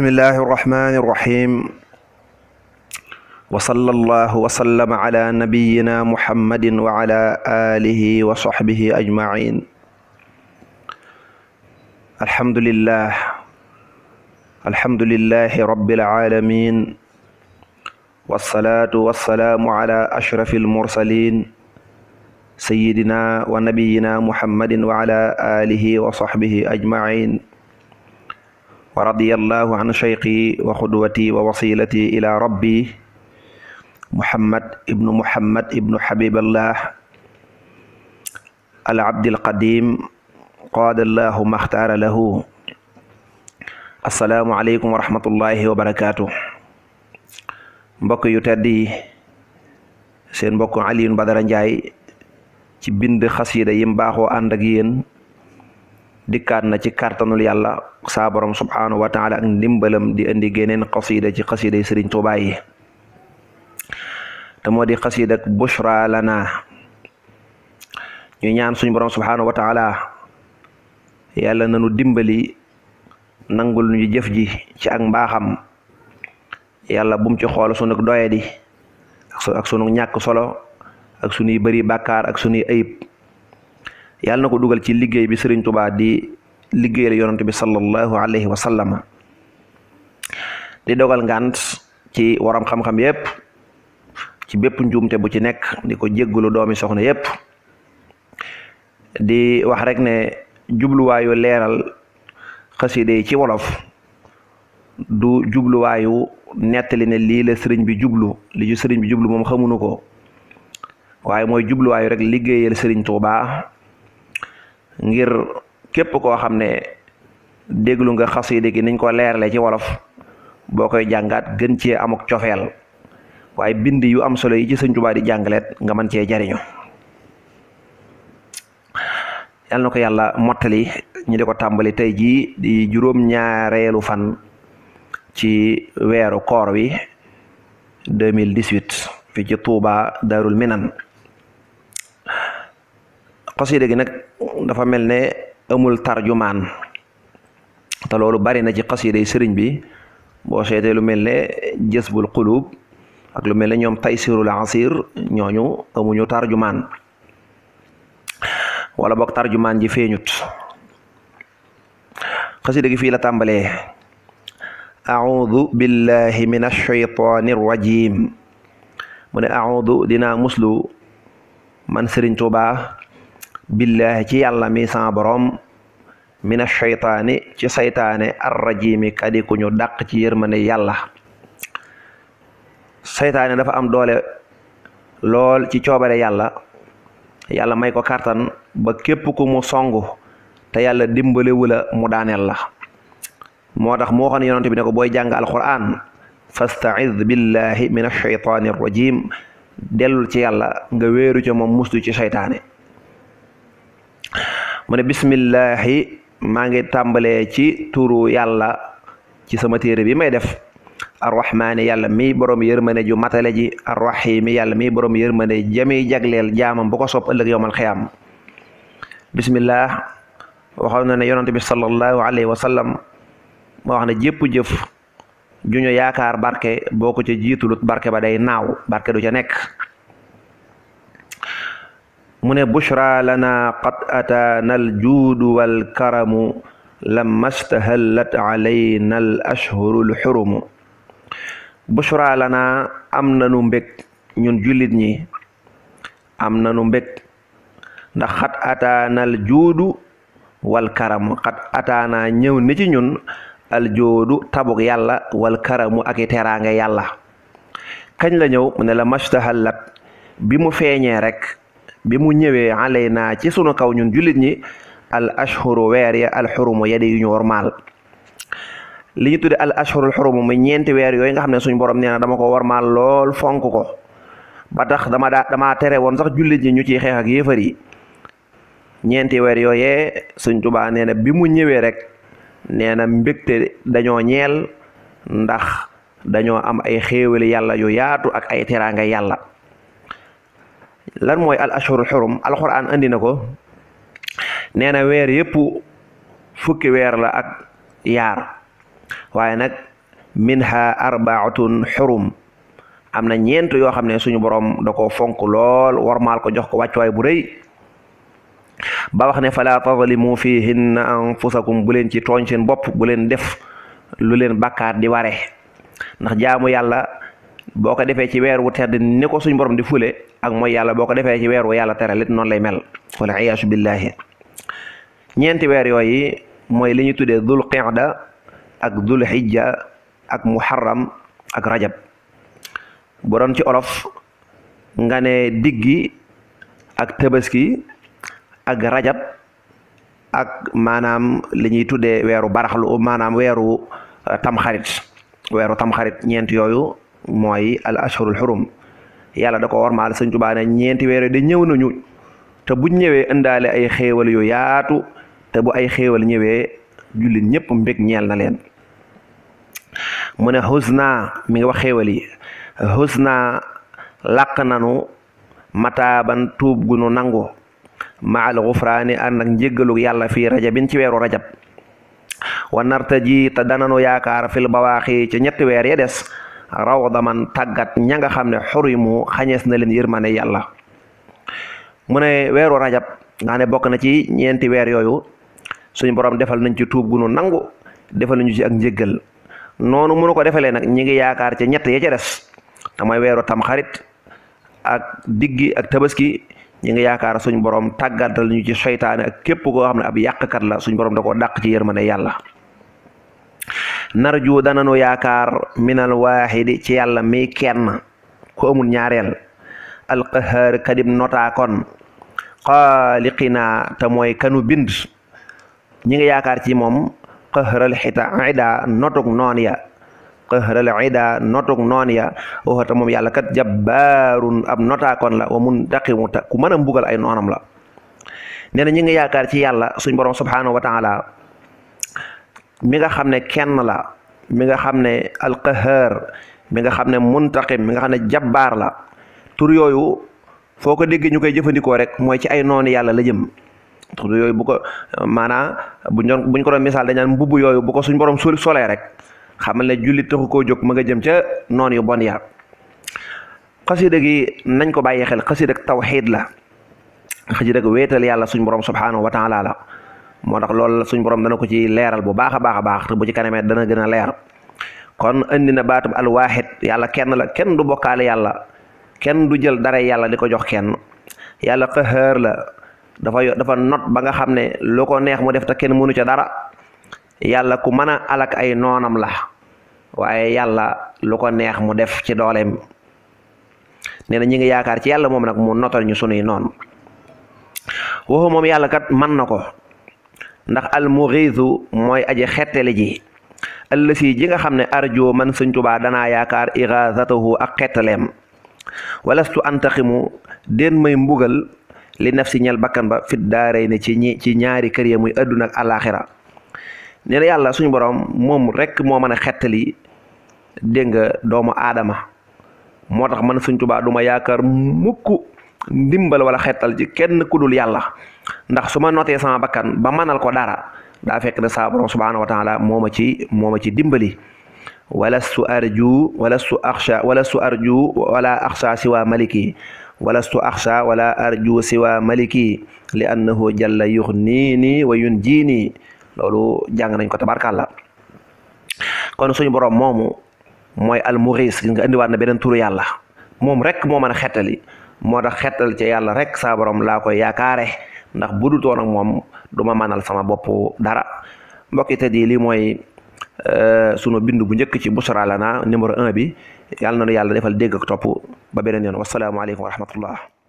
بسم الله الرحمن الرحيم وصلى الله وسلم على نبينا محمد وعلى آله وصحبه أجمعين الحمد لله الحمد لله رب العالمين والصلاة والسلام على أشرف المرسلين سيدنا ونبينا محمد وعلى آله وصحبه أجمعين ورضي الله عن شيخي وقدوتي ووصيلتي إلى ربي محمد ابن محمد ابن حبيب الله العبد القديم قاد الله ما اختار له السلام عليكم ورحمة الله وبركاته mbokk يتدي سين yi علي mbokk جاي Badara Ndiaye ci bind xasida yim baaxoo ànd ak yéen dikkaat na ci kàttanul yàlla saa borom subhanahu wa taala ak ndimbalam di indi geneen qasida ci qasida yi sëriñ Tuubaa yi te moo di ak bushra lana ñu ñaan suñu borom subhanahu wa taala yàlla nanu dimbali nangul ñu jëf ji ci ak mbaaxam yàlla bum ci xool sunu doyadi ak sunu ñàkk solo ak sunuy bëri bàkkaar ak sunuy ayib yàlla na ko dugal ci liggéey bi sëriñ tubaa di liggéeyal yonante bi sallallahu alayhi wa sallama di dogal ngant ci waram xam-xam yépp ci bépp njuumte bu ci nekk di ko jéggalu doomi soxna yépp di wax rek ne jubluwaayu leeral xaside yi ci wolof du jubluwaayu nettali ne lii la sëriñ bi jublu li ju sëriñ bi jublu moom xamunu ko waaye mooy jubluwaayu rek liggéeyal sëriñ Tuubaa ngir képp koo xam ne déglu nga xasida gi niñ ko leerale ci wolof boo koy jàngaat gën cee amuk cofeel waaye bind yu am solo yi ci Sëñ Tuubaa di jàngaleet nga mën cee jariñu yal ko yàlla mottali ñu di tàmbali tey jii di juróom fan ci weeru koor wi 2018 fi ci Touba Darul Minan gi nag dafa mel ne amul tarjumaan te loolu bari na ci xasiiday sëriñ bi boo seetee lu mel ne jësbul xulub ak lu mel ne ñoom taysirul asir ñooñu amuñu tarjumaan ji feeñut xasida gi fii la tàmbalee audu billahi min alcheytaani rajim mu ne audu dinaa muslu man sëriñ Tuubaa billaahi ci yalla mi sa borom mina shaytaani ci ar-rajim kadi kuñu dak ci yermane yalla saytaane dafa am doole lol ci coobare yalla yalla may ko kartan ba kep ku mu songu te yalla dimbele wula mu danel la motax mo moo yonent bi ne ko jang al-qur'an fasta'iz billahi min ash-shaytanir rajim delul ci yalla nga ci mom ci mu bismillah ma ngi tambale ci turu yàlla ci sama tere bi may def arrahman yàlla mi borom yermane ju matale ji arrahim yàlla mi borom yermane jami jaglel jamam bu ko sop ëllëg yowmal khiyam bismillah waxoon na ne yonante bi sallallahu alayhi wa sallam moo waxna ne jëpp jëf ju ñu yaakaar barke boko ci ca jiitulut barke ba day naaw barke du ca nek mu ne bushra lana qad ataana aljuudu walkaramu lamma stahallat alayna al ashhuru lxurumu bushra lana am nanu mbég ñun jullit ñi am nanu mbég ndax xat ataana aljuudu walkaramu xat ataana ñëw ni ci ñun aljoodu tabuk yàlla wal karamu i teraanga yàlla kañ la ñëw mu ne la mastahallat bi mu feeñee rek bi mu ñëwé alayna ci sunu kaw ñun julit ñi al ashhuru wer ya al hurum ya day ñu li ñu al ashhurul hurum, muy ñent wer yoy nga xam suñu borom nee dama ko warmal lool fonk ko ba tax dama dama tere won sax julit ñi ñu ci xex ak yéefar yi ñeenti weer yooyee suñ bi mu ñëwé rek nee na dañoo ñeel ndax dañoo am ay xéewali yalla yu yaatu ak ay teranga yalla lan mooy al ashurul xurum alxuraan andi na ko nee na weer yépp fukki weer la ak yaar waaye nag minha arbaatun xurum am na ñeent yoo xam ne suñu boroom da ko fonk lool warmaal ko jox ko wàccuwaay bu rëy ba wax ne fala tazlimu fihinna anfusakum bu leen ci tooñ seen bopp bu leen def lu leen bàkkaar di ware ndax jaamu yàlla boo ko defee ci weer wu tedd ni ko suñ borom di fule ak mooy yàlla boo ko defee ci weeru wu yàlla tere lit noonu lay mel wala iyaasu billaahi ñeenti weer yooyu mooy li ñu tuddee dul qinda ak dul xijja ak muharram ak rajab bu doon ci olof nga ne diggi ak tabaski ak rajab ak maanaam li ñuy tuddee weeru baraxlu maanaam weeru tamxarit weeru tamxarit ñeent yooyu mooy al ashhurul xurum yàlla da ko war maal sëñ Tuubaa ne ñeenti weer de ñëw nañu te buñ ñëwee indaale ay xéewal yu yaatu te bu ay xéewal ñëwee jullit ñëpp mbég ñeel na leen mu ne husna mi ngi wax xéewal yi husna làq nanu mataaban tuub gu nu nangu maal xufraani ànd ak njéggalu yàlla fii rajabin ci weeru rajab wa narta ji te dananu yaakaar fil bawaaxi ci ñetti weer ya des raw daman tàggat ña nga xam ne xurimu xañees na leen yërmane yàlla mu ne weeru rajab nga ne bokk na ci ñeenti weer yooyu suñu borom defal nañ ci tuub gu nu nangu defal nañu ci ak njëggal noonu mënu ko defalee nag ñi ngi yaakaar ci ñett ya ca des te mooy weeru tamxarit ak diggi ak tabaski ñi ngi yaakaar suñu borom tàggatal ñu ci seytaane ak képp koo xam ne ab yàqkat la suñu borom da koo dàq ci yërmane yàlla narju danano yakar min wahid ci yalla mi kenn ko amul ñaareel alqahaar kadim kon qaliqina ta moy kanu bind ñi nga yakar ci moom al hita ida notug non ya al ida notug non ya waxata mom yalla kat jabbarun ab kon la wa mun daqimu ta ku manam bugal ay nonam la nee ñi nga yakar ci yalla suñu borom subhanahu wa taala mi nga xam ne kenn la mi nga xam ne alqahar mi nga xam ne muntaqim mi nga xam ne jabbaar la tur yooyu foo ko déggee ñu koy jëfandikoo rek mooy ci ay noonu yàlla la jëm yooyu bu ko maanaam buñ doon buñ ko doon misaal dañ mbubb yooyu bu ko suñ borom sol solee rek xamal ne jullit koo jóg ma nga jëm ca noonu yu bon ya xasida gi nañ ko bàyyi xel xasida ak tawxiid la xasida ak wéetal yàlla suñ borom subhanahu wa taala la moo tax loolu suñ borom dana ko ci leral bu baakha baakha baax te bu ci kanamé dana gëna kon indi na al wahid yalla kenn la kenn du bokale yalla kenn du jël dara yalla di jox kenn yalla qahhar la dafa dafa not ba nga xamné loko neex mu def ta kenn mënu ci dara yalla ku alak ay nonam la waye yalla loko neex mu def ci dolem neena ñi nga yaakar ci yalla mom nak mu notal ñu sunuy non wo mom yalla kat man nako ndax al mughiizu mooy aji xettali ji allasi ji nga xam ne arjo man sëñ Tuubaa danaa yaakaar ighazatahu ak xettaleem walastu antaximu den may mbugal li naf si ñel bakkan ba fit daa daaray ne ci ci ñaari kër ya muy àdduna ak alaaxira nee yàlla suñu boroom moom rekk moo mën a xettali dégg nga doomu aadama moo tax man sëñ Tuubaa du ma yaakaar mukk ndimbal wala xetal ji kenn dul yàlla ndax su ma notee sama bakkan ba manal ko dara daa fekk ne sa borom subhanahu wa taala moo ci moo ci dimbali wala su arju wala su axsha wala su arju wala axsha siwa maliki wala su axsha wala arju siwa maliki li annahu jalla yughnini wa yunjini loolu jàng nañ ko tabarkàlla kon suñu borom moomu mooy almuris gis nga indiwaat na beneen turu yàlla moom rek moo mën a moo tax xetal ci yàlla rek saa borom laa koy yaakaare ndax bu dul toona moom du ma manal sama bopp dara mbokk te di lii mooy euh, sunu bind bu njëkk ci Bichra Lana numéro 1 bi yàlla na nu yàlla defal dégg ak topp ba beneen yoon wasalaamaaleykum wa rahmatullah